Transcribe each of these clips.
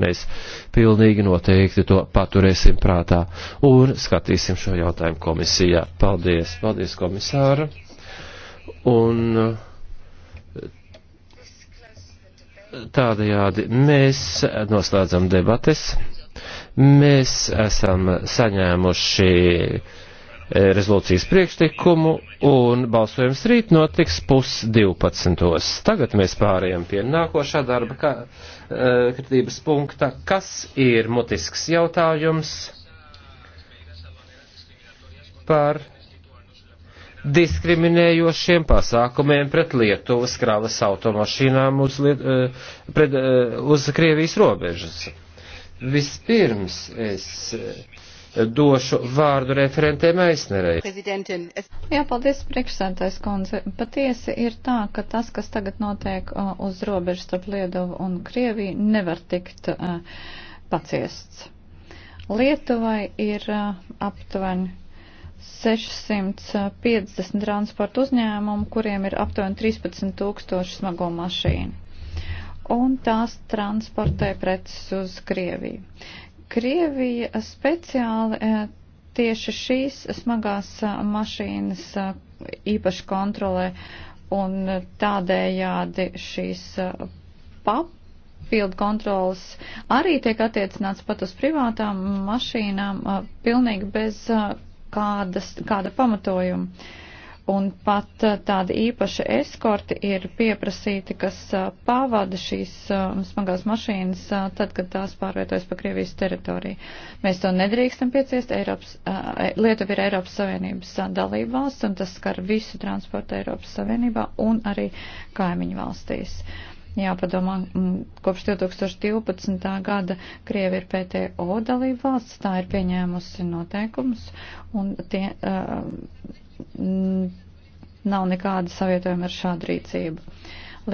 Mēs pilnīgi noteikti to paturēsim prātā un skatīsim šo jautājumu komisijā. Paldies, paldies komisāra. Un tādajādi mēs noslēdzam debates. Mēs esam saņēmuši Eh, rezolūcijas priekšlikumu un balsojums rīt notiks pus 12. Tagad mēs pārējām pie nākošā darba kā, eh, kritības punkta, kas ir mutisks jautājums par diskriminējošiem pasākumiem pret Lietuvas kravas automašīnām uz, Liet, eh, pret, uz Krievijas robežas. Vispirms es došu vārdu referentēm aizsnerei. Jā, paldies, priekšsēdājs kundze. Patiesi ir tā, ka tas, kas tagad notiek uh, uz robežas starp Lietuvu un Krieviju, nevar tikt uh, paciests. Lietuvai ir uh, aptuveni 650 transporta uzņēmumu, kuriem ir aptuveni 13 tūkstoši smago mašīnu. Un tās transportē preces uz Krieviju. Krievija speciāli e, tieši šīs smagās e, mašīnas e, īpaši kontrolē un tādējādi šīs papildu kontrolas arī tiek attiecināts pat uz privātām mašīnām pilnīgi bez kādas, kāda pamatojuma un pat uh, tādi īpaši eskorti ir pieprasīti, kas uh, pavada šīs uh, smagās mašīnas tad, kad tās pārvietojas pa Krievijas teritoriju. Mēs to nedrīkstam pieciest. Eiropas, e, Lietuva ir Eiropas Savienības dalība valsts, un tas skar visu transportu Eiropas Savienībā un arī kaimiņu valstīs. Jāpadomā, mm, kopš 2012. gada Krievi ir PTO dalība valsts, tā ir pieņēmusi noteikumus, un tie. Uh, nav nekāda savietojuma ar šādu rīcību.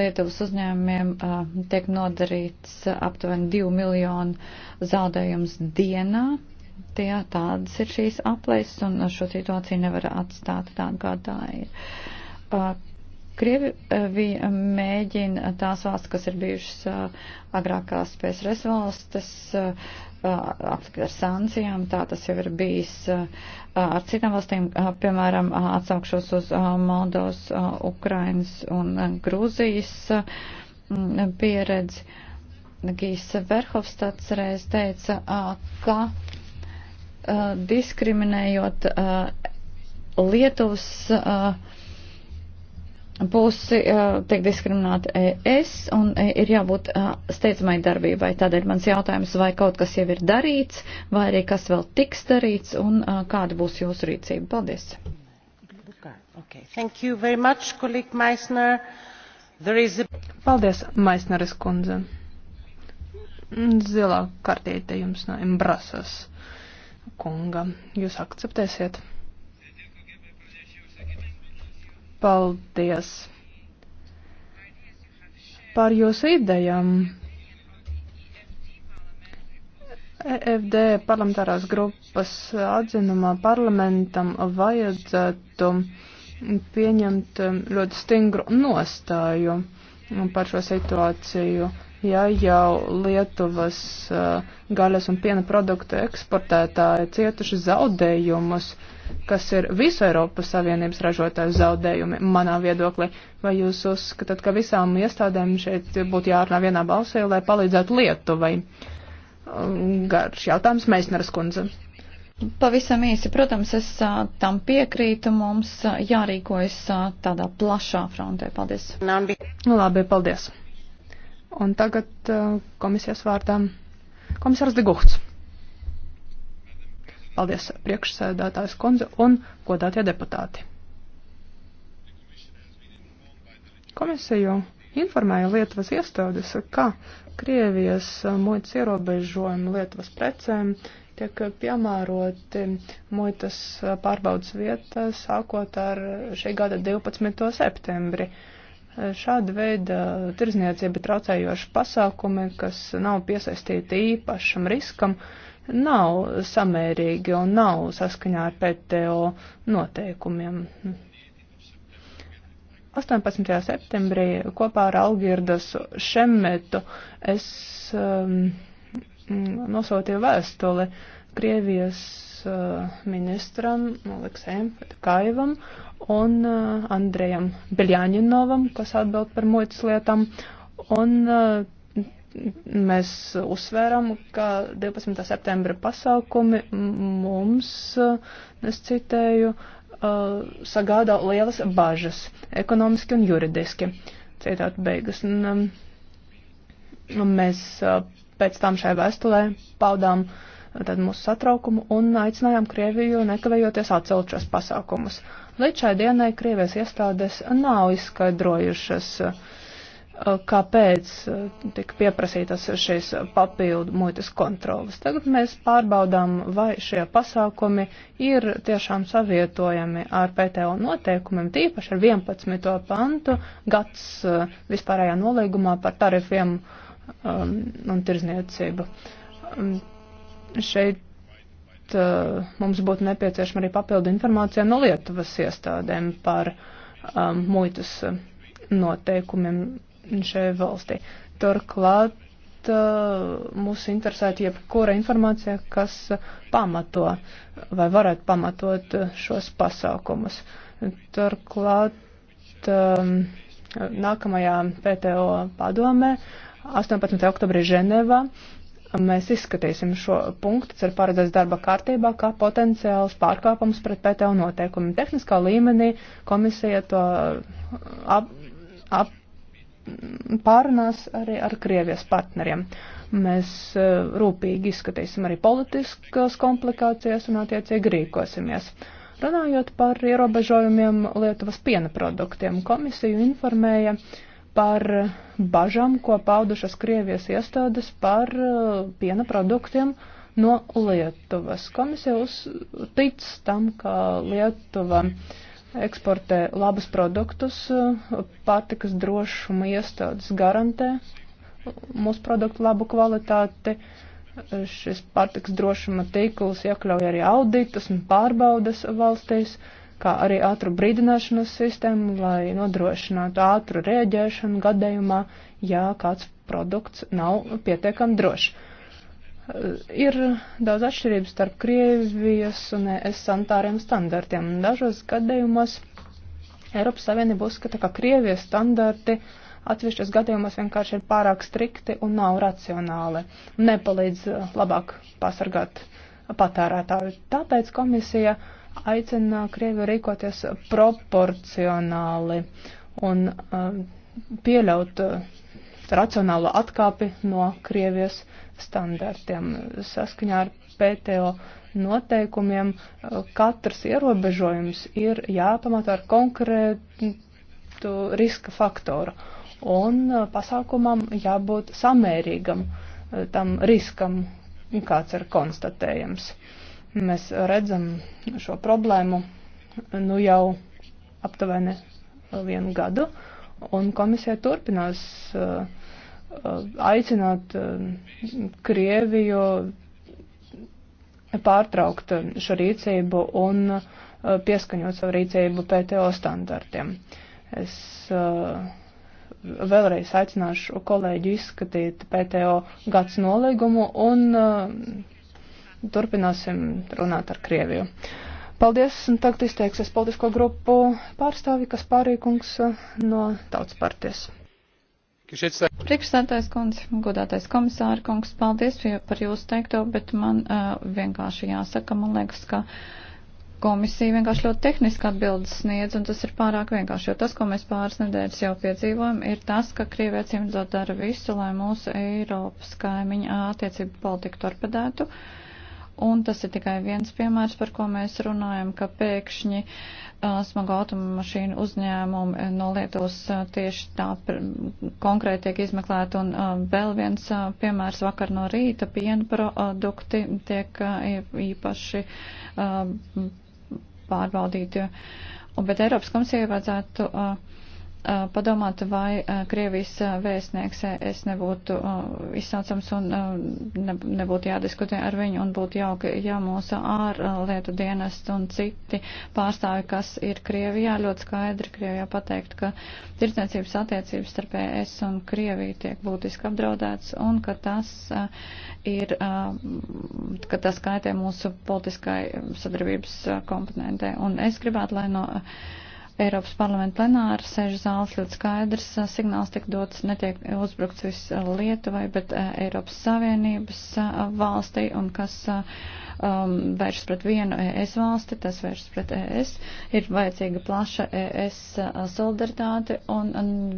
Lietuvas uzņēmumiem uh, tiek nodarīts aptuveni 2 miljonu zaudējums dienā. Tie tādas ir šīs aplēses, un šo situāciju nevar atstāt tādu, kā tā ir. Uh, Krievija eh, mēģina tās valsts, kas ir bijušas eh, agrākās PSRS valstis, eh, aplikt ar sankcijām, tā tas jau ir bijis ar citām valstīm, piemēram, atsaukšos uz Moldovas, Ukrainas un Grūzijas mm, pieredzi. Gīs Verhofstads reiz teica, ka diskriminējot Lietuvas pusi uh, tiek diskriminēta es un ir jābūt uh, steidzamai darbībai. Tādēļ mans jautājums, vai kaut kas jau ir darīts, vai arī kas vēl tiks darīts un uh, kāda būs jūsu rīcība. Paldies! Okay. Thank you very much, colleague Meissner. There is a... Paldies, Maisneres kundze. Zilā kartīte jums no Imbrasas kunga. Jūs akceptēsiet? Paldies par jūsu idejām. EFD parlamentārās grupas atzinumā parlamentam vajadzētu pieņemt ļoti stingru nostāju par šo situāciju ja jau Lietuvas eh, gaļas un piena produktu eksportētāji cietuši zaudējumus, kas ir visu Eiropas Savienības ražotāju zaudējumi, manā viedoklī. Vai jūs uzskatāt, ka visām iestādēm šeit būtu jārunā vienā balsī, lai palīdzētu Lietuvai? Garš jautājums, Meisneras kundze. Pavisam īsi, protams, es a, tam piekrītu, mums a, jārīkojas a, tādā plašā frontē. Paldies. Labi, paldies. Un tagad uh, komisijas vārdā komisārs Digūts. Paldies priekšsēdētājs kundze un godātie deputāti. Komisiju informēja Lietuvas iestādes, ka Krievijas muitas ierobežojumi Lietuvas precēm tiek piemēroti muitas pārbaudas vietā sākot ar šī gada 12. septembri. Uh, Šāda veida tirzniecība traucējoši pasākumi, kas nav piesaistīti īpašam riskam, nav samērīgi un nav saskaņā ar PTO noteikumiem. 18. septembrī kopā ar Algirdas Šemetu es um, nosūtīju vēstuli Krievijas uh, ministram Aleksējam Kaivam un uh, Andrejam Beļāņinovam, kas atbild par muitas lietām. Un uh, mēs uzsvēram, ka 12. septembra pasākumi mums, es citēju, sagādā lielas bažas, ekonomiski un juridiski. Citāt beigas. Un, um, mēs pēc tam šai vēstulē paudām uh, tad mūsu satraukumu un aicinājām Krieviju nekavējoties atcelt šos pasākumus. Līdz šai dienai Krievijas iestādes nav izskaidrojušas, eh, kāpēc eh, tika pieprasītas šīs papildu muitas kontrolas. Tagad mēs pārbaudām, vai šie pasākumi ir tiešām savietojami ar PTO noteikumiem, tīpaši ar 11. pantu gads eh, vispārējā nolīgumā par tarifiem um, un tirzniecību. Um, Šeit uh, mums būtu nepieciešama arī papildu informācija no Lietuvas iestādēm par um, muitas uh, noteikumiem šajā valstī. Turklāt uh, mūs interesētu jebkura informācija, kas pamato vai varētu pamatot uh, šos pasākumus. Turklāt um, nākamajā PTO padomē 18. oktobrī Ženevā mēs izskatīsim šo punktu, kas ir paredzēts darba kārtībā, kā potenciāls pārkāpums pret PTO noteikumiem. Tehniskā līmenī komisija to uh, ap, ap, pārunās arī ar Krievijas partneriem. Mēs uh, rūpīgi izskatīsim arī politiskas komplikācijas un attiecīgi rīkosimies. Runājot par ierobežojumiem Lietuvas piena produktiem, komisiju informēja, uh, par bažām, ko paudušas Krievijas iestādes par uh, piena produktiem no Lietuvas. Komisija uztic tam, ka Lietuva eksportē labus produktus, uh, pārtikas drošuma iestādes garantē uh, mūsu produktu labu kvalitāti. Šis pārtikas drošuma tīkls iekļauj arī auditus un pārbaudas valstīs. Uh, kā arī ātru brīdināšanas sistēmu, lai nodrošinātu ātru rēģēšanu gadējumā, ja kāds produkts nav pietiekami drošs. Eh, ir daudz atšķirības starp Krievijas un ES sanitāriem standartiem. Dažos gadījumos Eiropas Savienība uzskata, ka Krievijas standarti atsevišķos gadījumos vienkārši ir pārāk strikti un nav racionāli, nepalīdz eh, labāk pasargāt patērētāju. Tāpēc komisija uh, aicina Krieviju rīkoties proporcionāli un uh, pieļaut uh, racionālu atkāpi no Krievijas standartiem saskaņā ar PTO noteikumiem. Uh, katrs ierobežojums ir jāpamato ar konkrētu riska faktoru un pasākumam jābūt samērīgam tam riskam, kāds ir konstatējams. Uh, Mēs redzam šo problēmu nu jau aptuveni vienu gadu, un komisija turpinās uh, uh, aicināt uh, Krieviju pārtraukt šo rīcību un pieskaņot savu rīcību PTO standartiem. Es vēlreiz aicināšu kolēģi izskatīt PTO gads nolīgumu un turpināsim runāt ar Krieviju. Paldies, un tagad izteiksies politisko grupu pārstāvi, kas pārīkungs uh, no tautas partijas. Priekšsētājs kundze, godātais komisāra kungs, paldies par jūsu teikto, bet man uh, vienkārši jāsaka, man liekas, ka komisija vienkārši ļoti tehniski atbildes sniedz, un tas ir pārāk vienkārši, jo tas, ko mēs pāris nedēļas jau piedzīvojam, ir tas, ka Krievija cimdzot dara visu, lai mūsu Eiropas kaimiņa attiecību politiku torpedētu. Uh, Un tas ir tikai viens piemērs, par ko mēs runājam, ka pēkšņi uh, smago automašīnu uzņēmumi no Lietuvas uh, tieši tā konkrēti tiek izmeklēti. Un uh, vēl viens uh, piemērs vakar no rīta piena produkti tiek uh, īpaši uh, pārbaudīti. Un, bet Eiropas komisija vajadzētu. Uh, Eh, padomāt, vai eh, Krievijas eh, vēstnieks es nebūtu izsaucams un nebūtu jādiskutē ar viņu un būtu jauki, ja mūsu ārlietu dienestu un citi pārstāvi, kas ir Krievijā, ļoti skaidri Krievijā pateikt, ka tirdzniecības attiecības starp ES un Krieviju tiek būtiski apdraudēts un ka tas ir, ka tas kaitē mūsu politiskai sadarbības komponentē. Un es gribētu, lai no Eiropas parlamenta plenāra sēžu zāles ļoti skaidrs signāls tiek dots, netiek uzbrukts viss Lietuvai, bet Eiropas Savienības valstī un kas um, vērš pret vienu ES valsti, tas vērš pret ES. Ir vajadzīga plaša ES solidaritāte un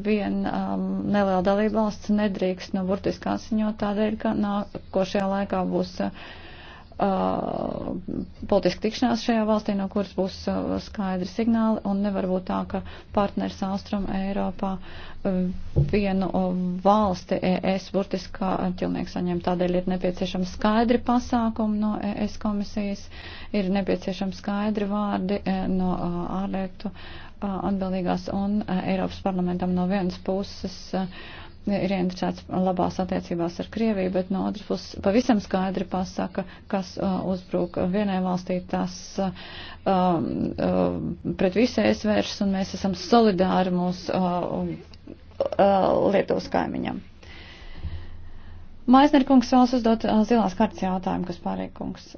viena um, neliela dalība valsts nedrīkst no nu, burtiskā ziņot tādēļ, ka nākošajā laikā būs. Uh, Uh, politiska tikšanās šajā valstī, no kuras būs uh, skaidri signāli, un nevar būt tā, ka partners Austrum Eiropā uh, vienu valsti ES burtiskā ķilnieks saņem. Tādēļ ir nepieciešama skaidri pasākumi no ES komisijas, ir nepieciešama skaidri vārdi no ārlietu atbildīgās un Eiropas parlamentam no vienas puses. Uh, ir interesēts labās attiecībās ar Krieviju, bet no otras puses pavisam skaidri pasaka, kas uh, uzbrūk vienai valstī, tas uh, um, uh, pret visai es vēršas un mēs esam solidāri mūsu uh, uh, Lietuvas kaimiņam. Maisner kungs vēlas uzdot uh, zilās kartas jautājumu, kas pārēj kungs.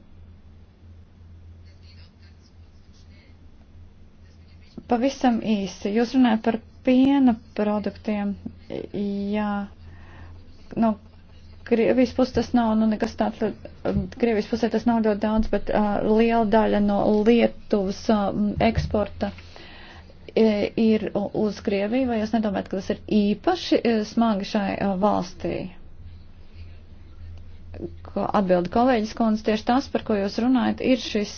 Pavisam īsi. Jūs runājat par piena produktiem jā, no nu, Krievijas puses tas nav, nu nekas tāds, um, Krievijas pusē tas nav ļoti daudz, bet uh, liela daļa no Lietuvas uh, eksporta e, ir uz Krieviju, vai jūs nedomājat, ka tas ir īpaši e, smagi šai uh, valstī? Ko atbildi kolēģis Kondis, tieši tas, par ko jūs runājat, ir šis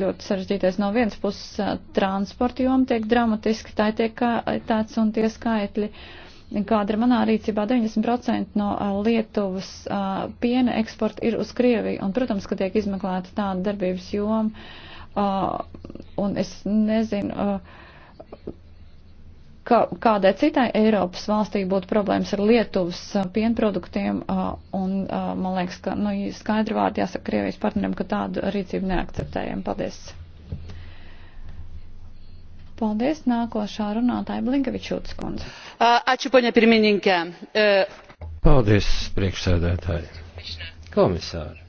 ļoti sarežģītais no vienas puses transporta joma tiek dramatiski, tā tiek kaitēts un tie skaitļi. Uh, Kāda ir manā rīcībā 90% no Lietuvas piena eksporta ir uz Krieviju, un, protams, ka tiek izmeklēta tāda darbības joma, un es nezinu, ka kādai citai Eiropas valstī būtu problēmas ar Lietuvas pienproduktiem, un man liekas, ka, nu, skaidri vārdi jāsaka Krievijas partneriem, ka tādu rīcību neakceptējam. Paldies! Paldies, nākošā runātāja Blinkevičūtas kundze. Uh, Aču, poņa pirmininkē. Uh, Paldies, priekšsēdētāji. Komisāri.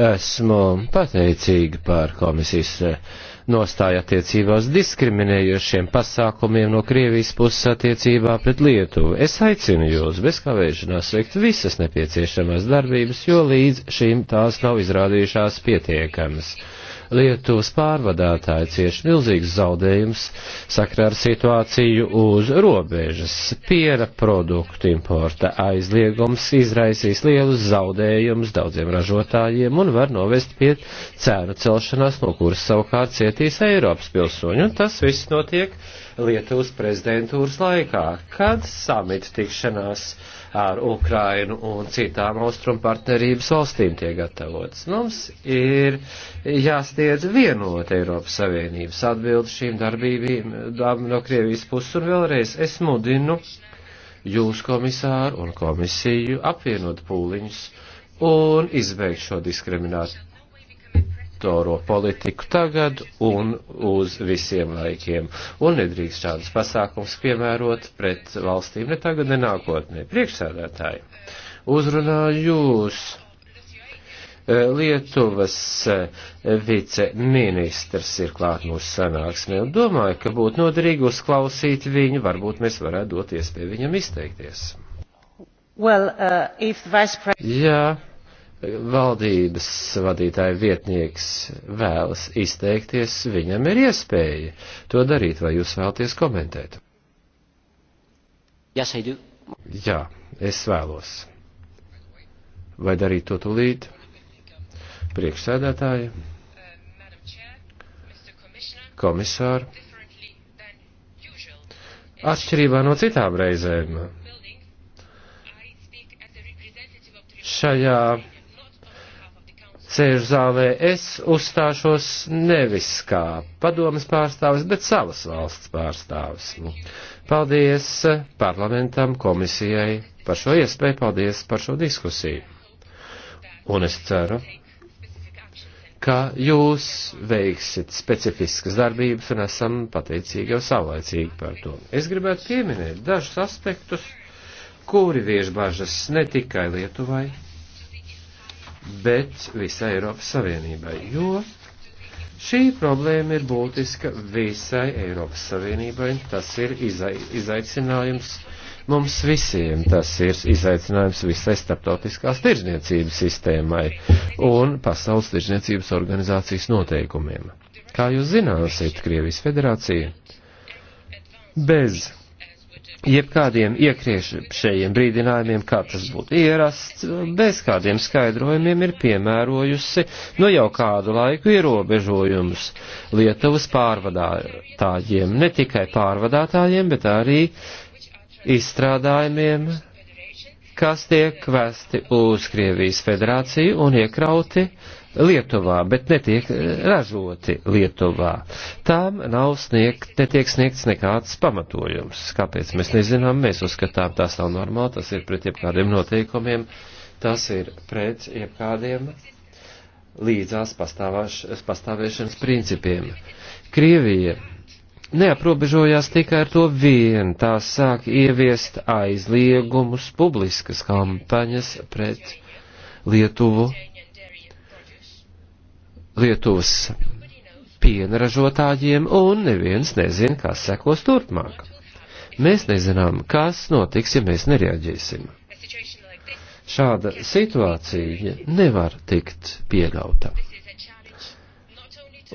Esmu pateicīga par komisijas eh, nostāja attiecībā uz diskriminējošiem pasākumiem no Krievijas puses attiecībā pret Lietuvu. Es aicinu jūs bez kavēšanās veikt visas nepieciešamās darbības, jo līdz šim tās nav izrādījušās pietiekamas. Lietuvas pārvadātāji cieš milzīgs zaudējums sakrā ar situāciju uz robežas. Piera produktu importa aizliegums izraisīs lielus zaudējumus daudziem ražotājiem un var novest pie cēnu celšanās, no kuras savukārt cietīs Eiropas pilsoņi. Un tas viss notiek Lietuvas prezidentūras laikā, kad samita tikšanās ar Ukrainu un citām austrumu partnerības valstīm tiek gatavotas. Mums ir jāstiedz vienot Eiropas Savienības atbildi šīm darbībām no Krievijas puses un vēlreiz es mudinu jūs komisāru un komisiju apvienot pūliņus un izbeigt šo diskrimināciju monetāro politiku tagad un uz visiem laikiem. Un nedrīkst šādas pasākums piemērot pret valstīm ne tagad, ne nākotnē. Priekšsēdētāji, uzrunāju jūs. E, Lietuvas e, viceministrs ir klāt mūsu sanāksmē un domāju, ka būtu noderīgi uzklausīt viņu, varbūt mēs varētu doties pie viņam izteikties. Well, uh, if vice president... Jā valdības vadītāja vietnieks vēlas izteikties, viņam ir iespēja to darīt, vai jūs vēlties komentēt? Yes, Jā, es vēlos. Vai darīt to tūlīt? Priekšsēdētāji, komisāri, atšķirībā no citām reizēm. Šajā sēžu zālē, es uzstāšos nevis kā padomas pārstāvis, bet savas valsts pārstāvis. Nu, paldies parlamentam, komisijai par šo iespēju, paldies par šo diskusiju. Un es ceru, ka jūs veiksiet specifiskas darbības un esam pateicīgi jau savlaicīgi par to. Es gribētu pieminēt dažus aspektus, kuri vieš bažas ne tikai Lietuvai, bet visai Eiropas Savienībai, jo šī problēma ir būtiska visai Eiropas Savienībai. Tas ir izai, izaicinājums mums visiem, tas ir izaicinājums visai starptautiskās tirzniecības sistēmai un pasaules tirzniecības organizācijas noteikumiem. Kā jūs zināsiet, Krievijas federācija bez jebkādiem iekriešējiem brīdinājumiem, kā tas būtu ierasts, bez kādiem skaidrojumiem ir piemērojusi nu jau kādu laiku ierobežojumus Lietuvas pārvadātājiem, ne tikai pārvadātājiem, bet arī izstrādājumiem, kas tiek vesti uz Krievijas federāciju un iekrauti uh, Lietuvā, bet netiek eh, ražoti Lietuvā. Tām nav sniegt, netiek sniegts nekāds pamatojums. Kāpēc mēs nezinām, mēs uzskatām, tās nav normāli, tas ir pret jebkādiem noteikumiem, tas ir pret jebkādiem līdzās pastāvēšanas principiem. Krievija neaprobežojās tikai ar to vien, tā sāk ieviest aizliegumus publiskas kampaņas pret Lietuvu Lietuvas piena ražotājiem, un neviens nezina, kas sekos turpmāk. Mēs nezinām, kas notiks, ja mēs nereaģēsim. Šāda situācija nevar tikt pieļauta.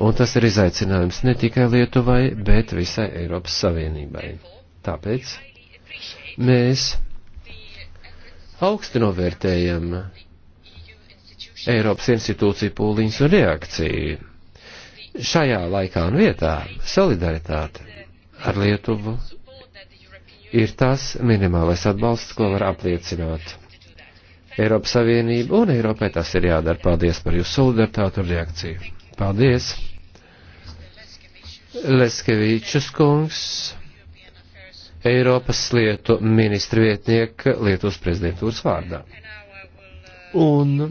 Un tas ir izaicinājums ne tikai Lietuvai, bet visai Eiropas Savienībai. Tāpēc mēs augsti novērtējam Eiropas institūciju pūliņus un reakciju. Šajā laikā un vietā solidaritāte ar Lietuvu ir tas minimālais atbalsts, ko var apliecināt Eiropas Savienība, un Eiropai tas ir jādara. Paldies par jūsu solidaritātu un reakciju. Paldies! Leskevičus kungs, Eiropas lietu ministra vietnieka Lietuvas prezidentūras vārdā. Un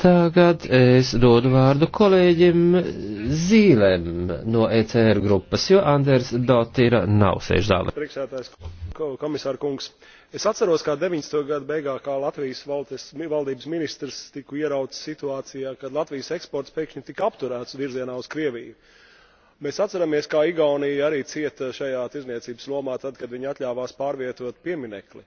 Tagad es dodu vārdu kolēģim Zīlēm no ECR grupas, jo Anders Dotira nav sēž zālē. Priekšsētājs komisāra kungs, es atceros, kā 90. gada beigā kā Latvijas valdes, valdības ministrs tiku ierauts situācijā, kad Latvijas eksports pēkšņi tika apturēts virzienā uz Krieviju mēs atceramies kā igaunija arī cieta šajā tirdzniecības lomā tad kad viņi atļāvās pārvietot pieminekli.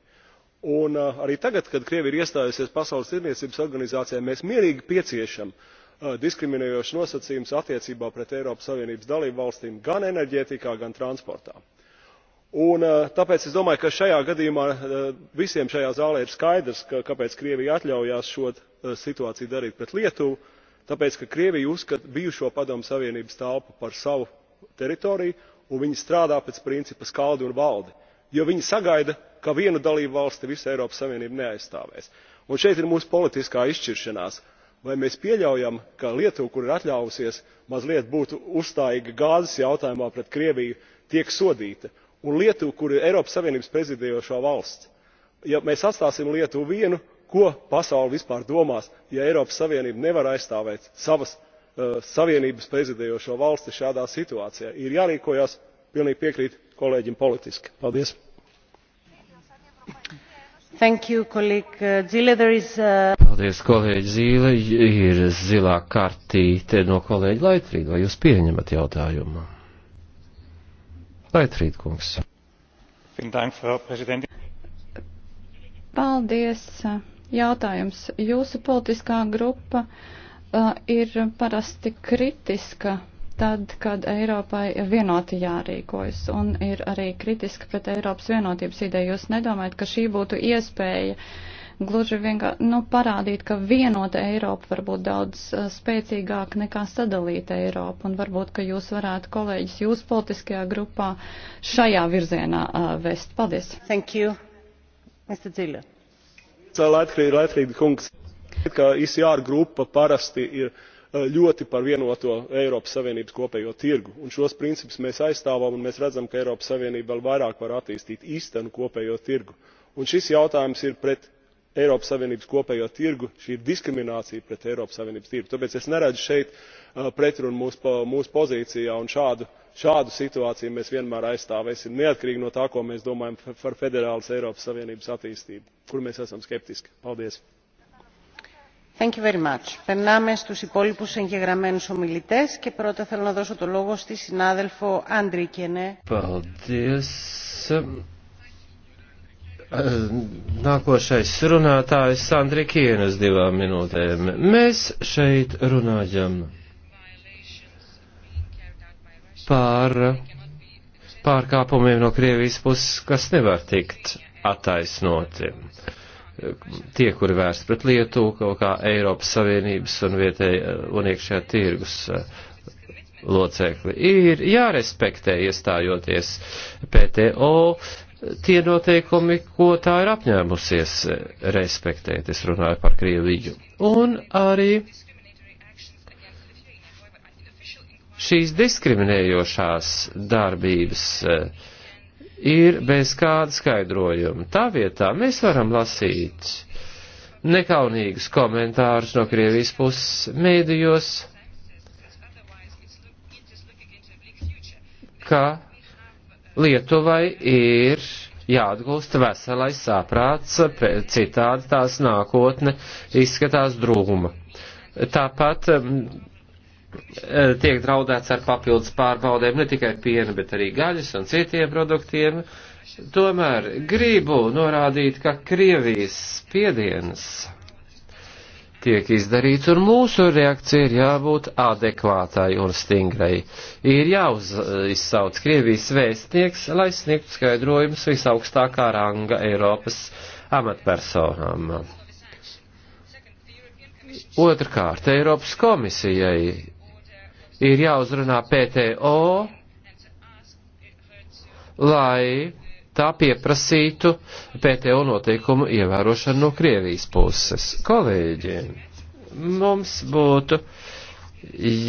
Un uh, arī tagad, kad Krievija ir iestājusies Pasaules tirniecības organizācijā, mēs mierīgi pieciešam uh, eh, diskriminējošas nosacījumus attiecībā pret Eiropas Savienības dalību valstīm gan enerģētikā, gan transportā. Un, uh, tāpēc es domāju, ka šajā gadījumā visiem šajā zālē ir skaidrs, ka, kāpēc Krievija atļaujās šo situāciju darīt pret Lietuvu, tāpēc, ka Krievija uzskata bijušo Padomu Savienības telpu par savu teritoriju, un viņi strādā pēc principa skaldi un valdi jo viņi sagaida ka viena dalībvalste visu eiropas savienību neaizstāvēs. un šeit ir mūsu politiskā izšķiršanās vai mēs pieļaujam ka lietuva kur ir atļāvusies mazliet būt uzstājīga gāzes jautājumā pret krieviju tiek sodīta un lietuva kur ir eiropas savienības prezidējošā valsts. ja mēs atstāsim lietuvu vienu ko pasaule vispār domās ja eiropas savienība nevar aizstāvēt savas uh, savienības prezidējošo valsti šādā situācijā? ir jārīkojas pilnīgi piekrītu kolēģim politiski. paldies! You, uh, is, uh... Paldies, kolēģi Zīle. Ir zilā kartīte no kolēģa Laitrīda. Vai jūs pieņemat jautājumu? Laitrīd, kungs. Paldies. Jautājums. Jūsu politiskā grupa uh, ir parasti kritiska tad, kad Eiropai vienoti jārīkojas un ir arī kritiska pret Eiropas vienotības ideju. Jūs nedomājat, ka šī būtu iespēja gluži vienkārši nu, parādīt, ka vienota Eiropa var būt daudz uh, spēcīgāka nekā sadalīta Eiropa, un varbūt, ka jūs varētu kolēģis jūs politiskajā grupā šajā virzienā uh, vest. Paldies! Thank you, Mr. Dzilla. Kā ICR grupa parasti ir Eh, ļoti par vienoto Eiropas Savienības kopējo tirgu. Un šos principus mēs aizstāvam, un mēs redzam, ka Eiropas Savienība vēl vairāk var attīstīt īstenu kopējo tirgu. Un šis jautājums ir pret Eiropas Savienības kopējo tirgu, šī ir diskriminācija pret Eiropas Savienības tirgu. Tāpēc es neredzu šeit eh, pretrunu mūsu, mūsu pozīcijā, un šādu, šādu situāciju mēs vienmēr aizstāvēsim, neatkarīgi no tā, ko mēs domājam par federālas Eiropas Savienības attīstību, kur mēs esam skeptiski. Paldies! Thank you very much. Περνάμε στους υπόλοιπους εγγεγραμμένους ομιλητές και πρώτα θέλω να δώσω το λόγο στη συνάδελφο Άντρικενε. Paldies. Nākošais runātājs Sandri Kienas divām minūtēm. Mēs šeit runājam par pārkāpumiem no Krievijas puses, kas nevar tikt attaisnoti tie, kuri vērst pret Lietuvu, kaut kā Eiropas Savienības un vietēja eh, un iekšējā tirgus eh, locekli, ir jārespektē iestājoties PTO tie noteikumi, ko tā ir apņēmusies eh, respektēt. Es runāju par Krieviju. Un arī šīs diskriminējošās darbības uh, ir bez kāda skaidrojuma. Tā vietā mēs varam lasīt nekaunīgus komentārus no Krievijas puses mēdījos, ka Lietuvai ir jāatgūst veselais saprāts, citādi tās nākotne izskatās drūma. Tāpat Eh, tiek draudēts ar papildus pārbaudēm ne tikai piena, bet arī gaļas un citiem produktiem. Tomēr gribu norādīt, ka Krievijas spiediens tiek izdarīts, un mūsu reakcija ir jābūt adekvātai un stingrai. Ir jāuzsauc Krievijas vēstnieks, lai sniegtu skaidrojumus visaugstākā ranga Eiropas amatpersonām. Otrkārt, Eiropas komisijai ir jāuzrunā PTO, lai tā pieprasītu PTO noteikumu ievērošanu no Krievijas puses. Kolēģi, mums būtu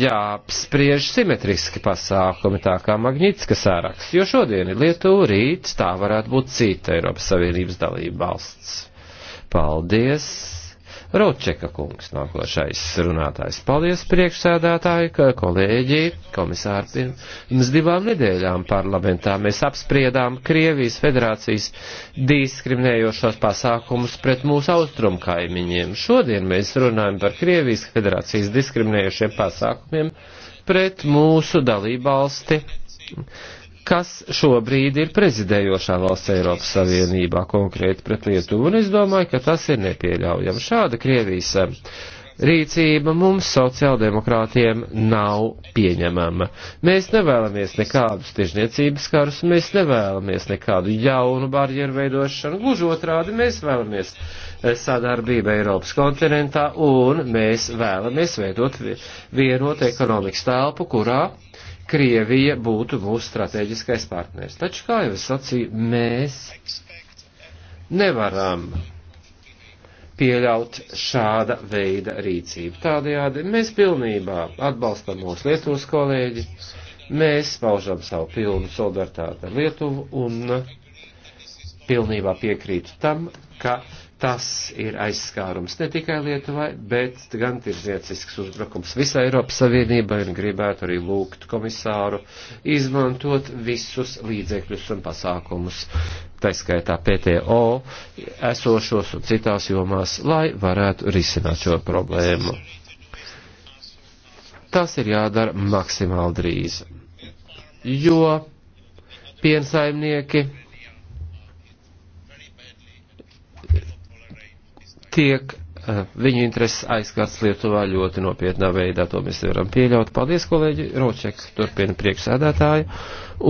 jāapspriež simetriski pasākumi, tā kā Magnitska sāraks, jo šodien ir Lietuva, rīt tā varētu būt cita Eiropas Savienības dalība valsts. Paldies! Ročeka kungs nākošais runātājs. Paldies priekšsēdētāji, kolēģi, komisāri. Pirms divām nedēļām parlamentā mēs apspriedām Krievijas federācijas diskriminējošos pasākumus pret mūsu austrumu kaimiņiem. Šodien mēs runājam par Krievijas federācijas diskriminējošiem pasākumiem pret mūsu dalībvalsti kas šobrīd ir prezidējošā valsts Eiropas Savienībā konkrēti pret Lietuvu, un es domāju, ka tas ir nepieļaujami. Šāda Krievijas eh, rīcība mums sociāldemokrātiem nav pieņemama. Mēs nevēlamies nekādus tirzniecības karus, mēs nevēlamies nekādu jaunu barjeru veidošanu, gluži otrādi mēs vēlamies eh, sadarbību Eiropas kontinentā un mēs vēlamies veidot vienotu ekonomikas telpu, kurā Krievija būtu mūsu strateģiskais partners. Taču, kā jau es sacīju, mēs nevaram pieļaut šāda veida rīcību. Tādējādi mēs pilnībā atbalstam mūsu Lietuvas kolēģi, mēs paužam savu pilnu solidaritāti ar Lietuvu un pilnībā piekrītu tam, ka Tas ir aizskārums ne tikai Lietuvai, bet gan tirzniecisks uzbrukums visai Eiropas Savienībai un gribētu arī lūgt komisāru izmantot visus līdzekļus un pasākumus, taiskaitā PTO, esošos un citās jomās, lai varētu risināt šo problēmu. Tas ir jādara maksimāli drīz, jo piensaimnieki tiek eh, viņu intereses aizskārts Lietuvā ļoti nopietnā veidā. To mēs nevaram pieļaut. Paldies, kolēģi Ročeks, turpina priekšsēdētāju.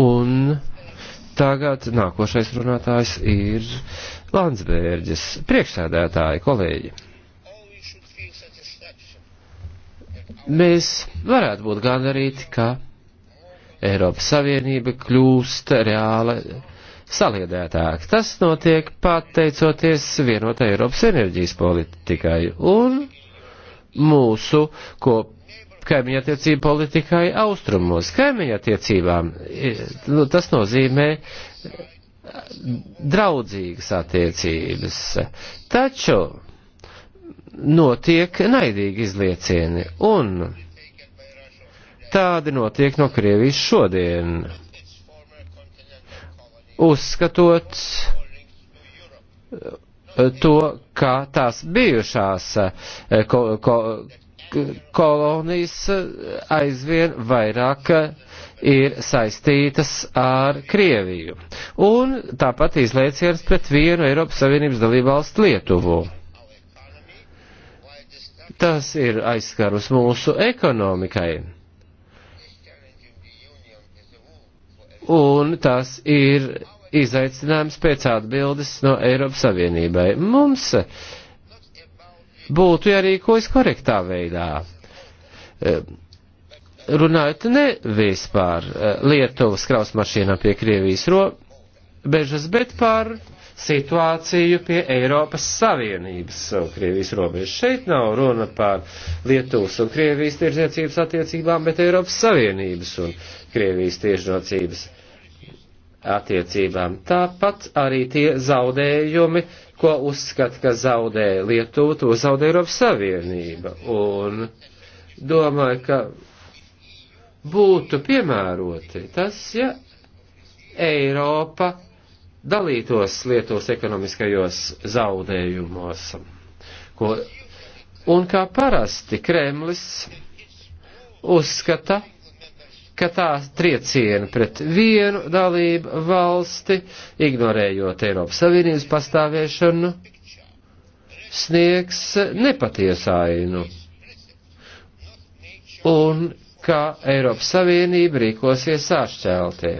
Un tagad nākošais runātājs ir Landsbērģis, priekšsēdētāji, kolēģi. Mēs varētu būt gandarīti, ka Eiropas Savienība kļūst reāla saliedētāk. Tas notiek pateicoties vienotai Eiropas enerģijas politikai un mūsu kop kaimiņattiecību politikai austrumos. Kaimiņattiecībām e, nu, tas nozīmē draudzīgas attiecības. Taču notiek naidīgi izliecieni, un tādi notiek no Krievijas šodien uzskatot eh, to, kā tās bijušās eh, ko, ko, kolonijas eh, aizvien vairāk ir saistītas ar Krieviju. Un tāpat izlēciens pret vienu Eiropas Savienības dalībvalstu Lietuvu. Tas ir aizskarus mūsu ekonomikai un tas ir izaicinājums pēc atbildes no Eiropas Savienībai. Mums būtu jārīkojas korektā veidā. E, runājot nevis par e, Lietuvas krausmašīnām pie Krievijas robežas, bet par situāciju pie Eiropas Savienības un Krievijas robežas. Šeit nav runa par Lietuvas un Krievijas tirdzniecības attiecībām, bet Eiropas Savienības un Krievijas tiežrocības attiecībām. Tāpat arī tie zaudējumi, ko uzskata, ka zaudē Lietuva, to zaudē Eiropas Savienība. Un domāju, ka būtu piemēroti tas, ja Eiropa dalītos Lietuvas ekonomiskajos zaudējumos. Ko, un kā parasti Kremlis uzskata, ka tā trieciena pret vienu dalību valsti, ignorējot Eiropas Savienības pastāvēšanu, sniegs nepatiesainu. Un kā Eiropas Savienība rīkosies āršķēltē.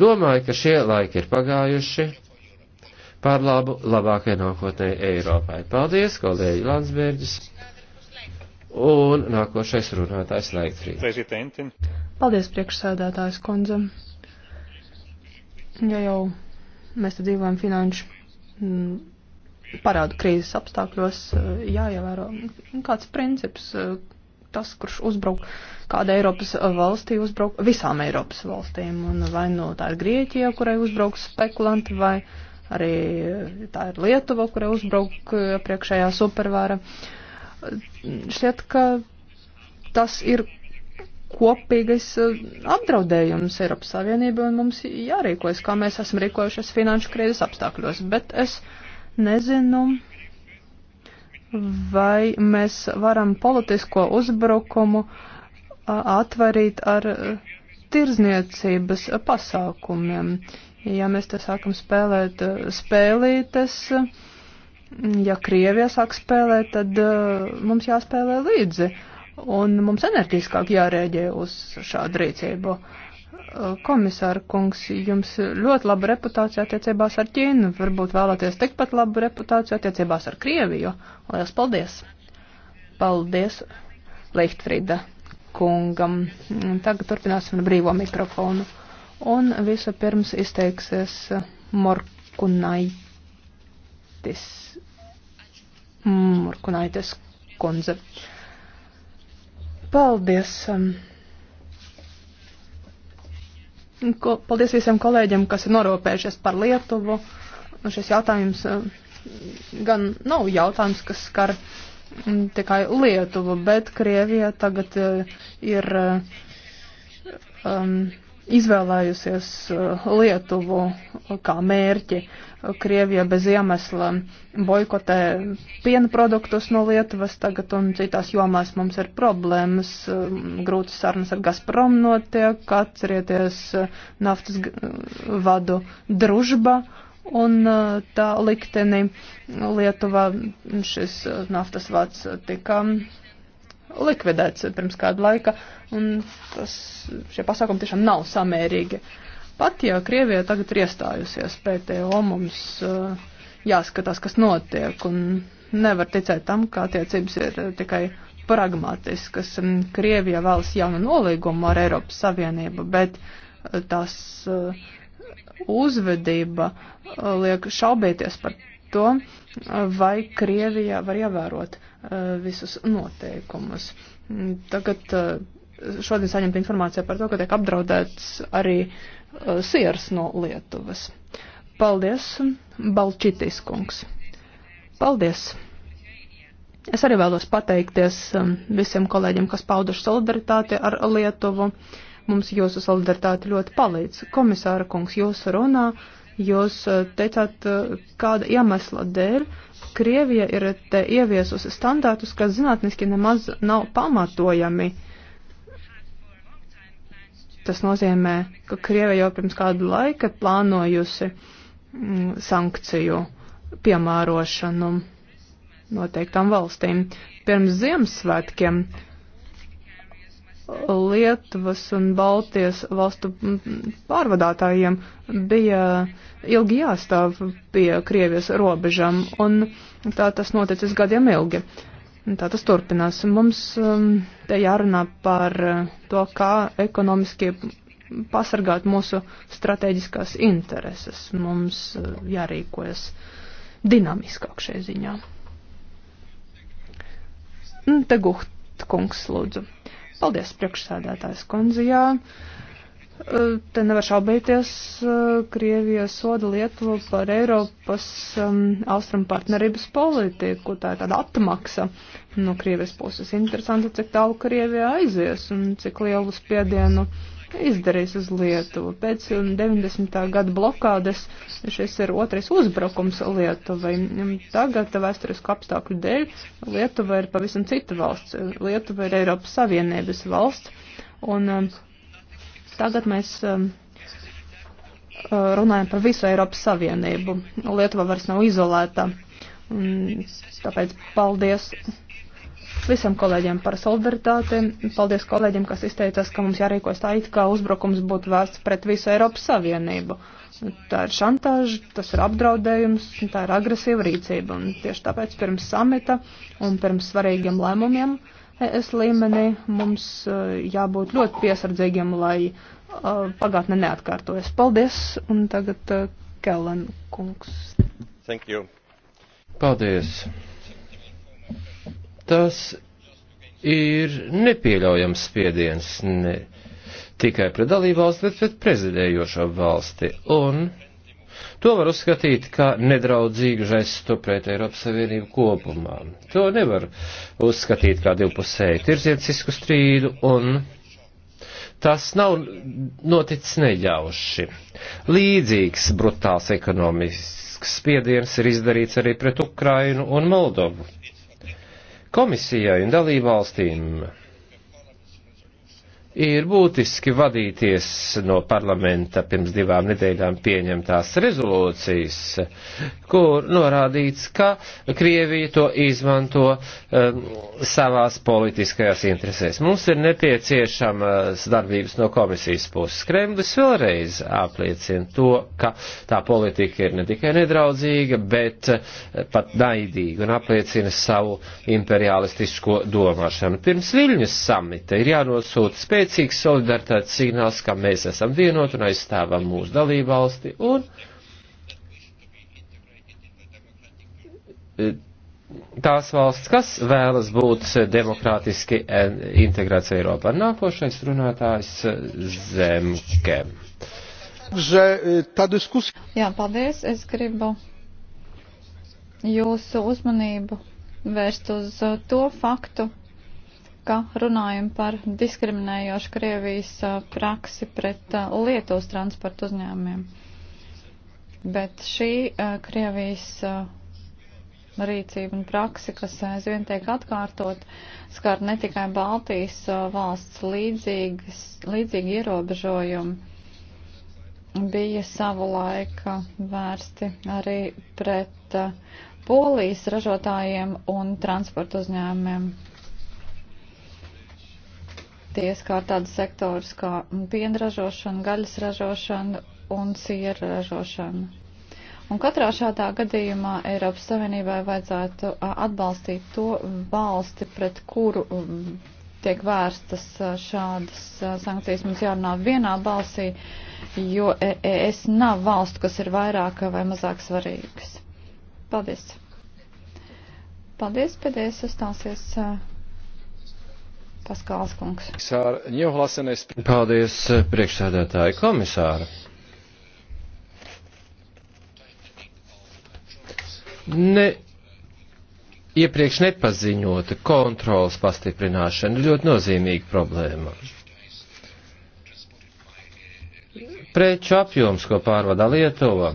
Domāju, ka šie laiki ir pagājuši pār labu labākai nākotnē Eiropai. Paldies, kolēģi Landsbērģis! Un nākošais runātājs Leitfrīd. Paldies, priekšsēdētājs kundze. Ja jau mēs te dzīvojam finanšu mm, parādu krīzes apstākļos, eh, jāievēro kāds princips, eh, tas, kurš uzbruk kāda Eiropas eh, valstī, uzbruk visām Eiropas valstīm. Un vai no nu tā ir Grieķija, kurai uzbruk spekulanti, vai arī tā ir Lietuva, kurai uzbruk priekšējā supervāra. Uh, Šķiet, ka tas ir kopīgais eh, apdraudējums Eiropas Savienībai un mums jārīkojas, kā mēs esam rīkojušies finanšu krīzes apstākļos. Bet es nezinu, vai mēs varam politisko uzbrukumu atvarīt ar eh, tirzniecības pasākumiem. Ja mēs te sākam spēlēt eh, spēlītes, uh, Ja Krievija sāk spēlēt, tad uh, mums jāspēlē līdzi, un mums enerģiskāk jārēģē uz šādu rīcību. Uh, komisāra kungs, jums ļoti laba reputācija attiecībās ar Ķīnu, varbūt vēlaties tikpat labu reputāciju attiecībās ar Krieviju. Lielas paldies! Paldies Leichtfrīda kungam. Tagad turpināsim ar brīvo mikrofonu. Un visu pirms izteiksies Morkunai. Paldies, Murkunaitis kundze. Paldies. Um, ko, paldies visiem kolēģiem, kas ir norūpējušies par Lietuvu. Nu, šis jautājums um, gan nav jautājums, kas skar um, tikai Lietuvu, bet Krievija tagad uh, ir. Uh, um, izvēlējusies uh, Lietuvu kā mērķi. Krievija bez iemesla boikotē piena produktus no Lietuvas tagad un citās jomās mums ir problēmas. Um, grūtas sarunas ar Gazprom notiek, atcerieties uh, naftas uh, vadu družba. Un tā likteni Lietuvā šis naftas vads tika likvidēts pirms kādu laika, un tas, šie pasākumi tiešām nav samērīgi. Pat ja Krievija tagad ir iestājusies PTO, mums uh, jāskatās, kas notiek, un nevar ticēt tam, ka attiecības ir eh, tikai pragmatiskas. Krievija vēlas jaunu nolīgumu ar Eiropas Savienību, bet eh, tās uh, uzvedība uh, liek šaubīties par to, uh, vai Krievija var ievērot eh, visus noteikumus. Tagad eh, šodien saņemta informācija par to, ka tiek apdraudēts arī eh, siers no Lietuvas. Paldies, Balčitis kungs. Paldies. Es arī vēlos pateikties visiem kolēģiem, kas pauduši solidaritāti ar Lietuvu. Mums jūsu solidaritāte ļoti palīdz. Komisāra kungs, jūsu runā. Uh, Jūs eh, teicāt, eh, kāda iemesla dēļ Krievija ir te ieviesusi standārtus, kas zinātniski nemaz nav pamatojami. Tas nozīmē, ka Krievija jau pirms kādu laiku plānojusi mm, sankciju piemērošanu noteiktām valstīm. Pirms Ziemassvētkiem uh, Lietuvas un Baltijas valstu pārvadātājiem bija ilgi jāstāv pie Krievijas robežām, un tā tas noticis gadiem ilgi. Tā tas turpinās. Mums um, te jārunā par uh, to, kā ekonomiski pasargāt mūsu strateģiskās intereses. Mums uh, jārīkojas dinamiskāk šai ziņā. Nu, te guht kungs, lūdzu. Paldies, priekšsēdētājs Konzijā. Uh, te nevar šaubīties, uh, Krievija soda Lietuvu par Eiropas um, austrumu partnerības politiku. Tā ir tāda atmaksa no Krievijas puses. Interesanti, cik tālu Krievija aizies un cik lielu spiedienu uh, izdarījis uz Lietuvu. Pēc 90. Um, gada blokādes šis ir otrais uzbrukums Lietuvai. Um, tagad vēsturisku apstākļu dēļ Lietuva ir pavisam cita valsts. Lietuva ir Eiropas Savienības valsts. Un um, tagad mēs uh, runājam par visu Eiropas Savienību. Lietuva vairs nav izolēta. Tāpēc paldies visiem kolēģiem par solidaritāti. Paldies kolēģiem, kas izteicās, ka mums jārīkojas tā, it kā uzbrukums būtu vērsts pret visu Eiropas Savienību. Tā ir šantāža, tas ir apdraudējums, tā ir agresīva rīcība. Un tieši tāpēc pirms samita un pirms svarīgiem lēmumiem es līmenī mums eh, jābūt ļoti piesardzīgiem, lai uh, pagātne neatkārtojas. Paldies, un tagad uh, Kellen kungs. Thank you. Paldies. Tas ir nepieļaujams spiediens ne tikai pret dalībvalsti, bet pret prezidējošo valsti. Un To var uzskatīt kā nedraudzīgu žestu pret Eiropas Savienību kopumā. To nevar uzskatīt kā divpusēju tirzniecisku strīdu, un tas nav noticis neļauši. Līdzīgs brutāls ekonomisks spiediens ir izdarīts arī pret Ukrainu un Moldovu komisijai un dalībvalstīm ir būtiski vadīties no parlamenta pirms divām nedēļām pieņemtās rezolūcijas, kur norādīts, ka Krievija to izmanto um, savās politiskajās interesēs. Mums ir nepieciešamas darbības no komisijas puses. Kremlis vēlreiz apliecina to, ka tā politika ir ne tikai nedraudzīga, bet uh, pat naidīga un apliecina savu imperialistisko domāšanu. Pirms Viļņas samita ir jānosūta spēcīgi spēcīgs solidaritātes signāls, ka mēs esam vienoti un aizstāvam mūsu dalībvalsti un e, tās valsts, kas vēlas būt demokrātiski e, integrēts Eiropā. Nākošais runātājs e, Zemke. Jā, paldies. Es gribu jūsu uzmanību vērst uz to faktu, ka runājam par diskriminējošu Krievijas praksi pret Lietuvas transporta uzņēmumiem. Bet šī Krievijas rīcība un praksi, kas aizvien tiek atkārtot, skar ne tikai Baltijas valsts līdzīgas, līdzīgi ierobežojumi, bija savu laiku vērsti arī pret polijas ražotājiem un transporta uzņēmumiem. Ties kā tādas sektors kā pienražošana, gaļas ražošana un siera ražošana. Un katrā šādā gadījumā Eiropas Savienībai vajadzētu atbalstīt to valsti, pret kuru tiek vērstas šādas sankcijas. Mums jārunā vienā balsī, jo e, e, es nav valstu, kas ir vairāk vai mazāk svarīgas. Paldies. Paldies, pēdējais uzstāsies Paskāls kungs. Paldies, eh, priekšsēdētāji komisāri. Ne, iepriekš nepaziņota kontrolas pastiprināšana ļoti nozīmīga problēma. Preču apjoms, ko pārvada Lietuva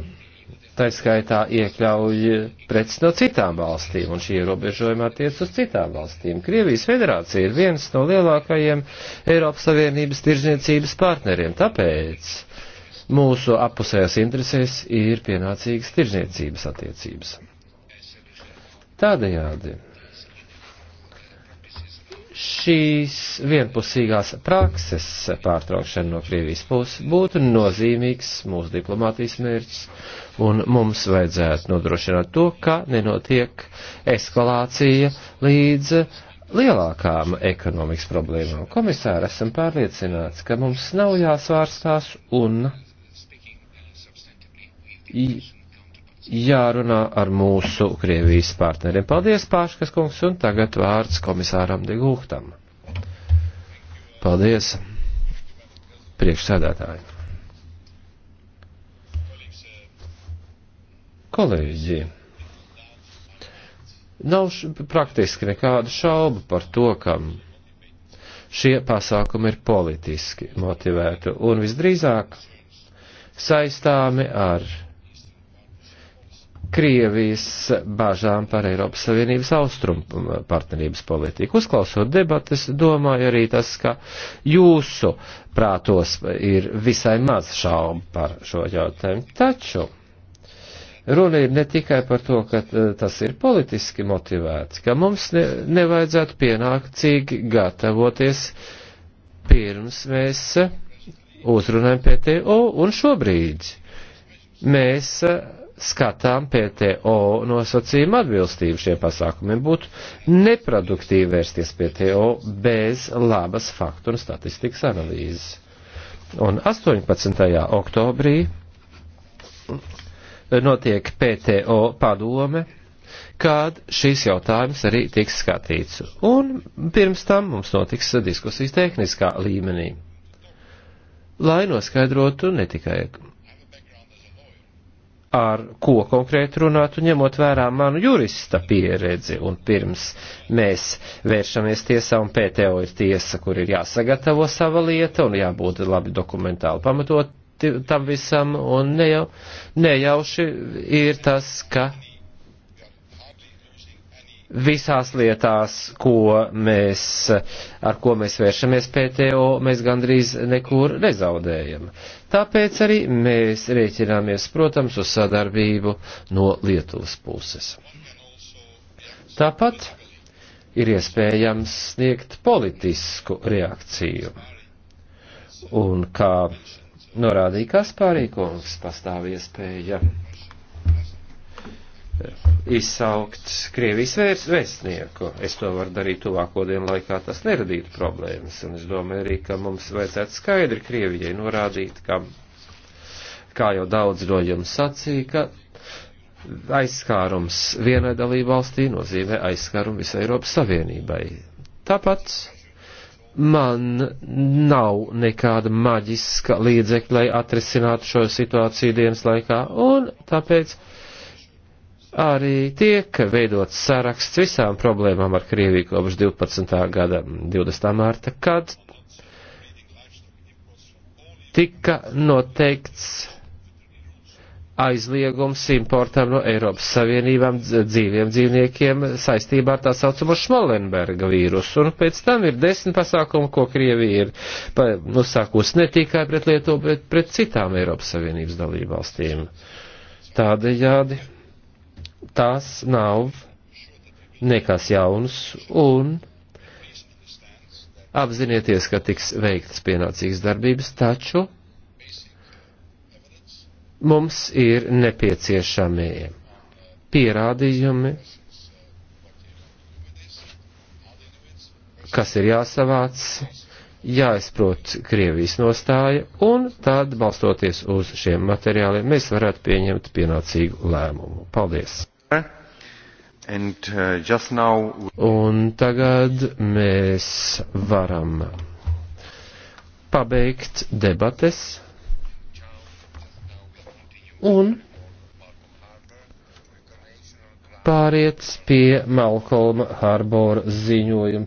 tā skaitā iekļauj preces no citām valstīm, un šī ierobežojuma attiec uz citām valstīm. Krievijas federācija ir viens no lielākajiem Eiropas Savienības tirzniecības partneriem, tāpēc mūsu apusējās interesēs ir pienācīgas tirzniecības attiecības. Tādējādi šīs vienpusīgās prakses pārtraukšana no Krievijas puses būtu nozīmīgs mūsu diplomātijas mērķis, un mums vajadzētu nodrošināt to, ka nenotiek eskalācija līdz lielākām ekonomikas problēmām. Komisāri, esam pārliecināts, ka mums nav jāsvārstās un jārunā ar mūsu Krievijas partneriem. Paldies, Pārškas kungs, un tagad vārds komisāram Digūhtam. Paldies, priekšsēdētāji. Kolēģi, nav praktiski nekādu šaubu par to, kam šie pasākumi ir politiski motivēti un visdrīzāk saistāmi ar Krievijas bažām par Eiropas Savienības austrumu partnerības politiku. Uzklausot debates, domāju arī tas, ka jūsu prātos ir visai maz šaubu par šo jautājumu. Taču runa ir ne tikai par to, ka e, tas ir politiski motivēts, ka mums ne, nevajadzētu pienācīgi gatavoties pirms mēs uzrunājam PTO un šobrīd mēs skatām PTO nosacījumu atbilstību šiem pasākumiem. Būtu neproduktīvi vērsties pie PTO bez labas faktu un statistikas analīzes. Un 18. oktobrī notiek PTO padome, kad šīs jautājums arī tiks skatīts. Un pirms tam mums notiks diskusijas tehniskā līmenī, lai noskaidrotu ne tikai ar ko konkrēti runāt un ņemot vērā manu jurista pieredzi. Un pirms mēs vēršamies tiesā un PTO ir tiesa, kur ir jāsagatavo sava lieta un jābūt labi dokumentāli pamatot tam visam un nejau, nejauši ir tas, ka visās lietās, ko mēs, ar ko mēs vēršamies PTO, mēs gandrīz nekur nezaudējam. Tāpēc arī mēs rēķināmies, protams, uz sadarbību no Lietuvas puses. Tāpat ir iespējams sniegt politisku reakciju. Un kā norādīja Kaspārīkungs, pastāv iespēja izsaukt Krievijas vērs, vēstnieku. Es to varu darīt tuvāko dienu laikā, tas neradītu problēmas. Un es domāju arī, ka mums vajadzētu skaidri Krievijai norādīt, ka, kā jau daudz no jums sacīja, ka aizskārums vienai dalību valstī nozīmē aizskārumu visai Eiropas Savienībai. Tāpat man nav nekāda maģiska līdzekļa, lai atrisinātu šo situāciju dienas laikā, un tāpēc arī tiek veidots saraksts visām problēmām ar Krieviju kopš 12. gada 20. mārta, kad tika noteikts aizliegums importam no Eiropas Savienībām dzīviem dzīvniekiem saistībā ar tā saucamo Šmolenberga vīrusu. Un pēc tam ir desmit pasākumu, ko Krievija ir nusākusi ne tikai pret Lietuvu, bet pret citām Eiropas Savienības dalībvalstīm. Tādējādi tās nav nekas jauns un apzinieties, ka tiks veiktas pienācīgas darbības, taču mums ir nepieciešami pierādījumi, kas ir jāsavāc, jāizprot Krievijas nostāja, un tad, balstoties uz šiem materiāliem, mēs varētu pieņemt pienācīgu lēmumu. Paldies! And, uh, now... Un tagad mēs varam pabeigt debates un pāriet pie Malkolma Harbora ziņojuma.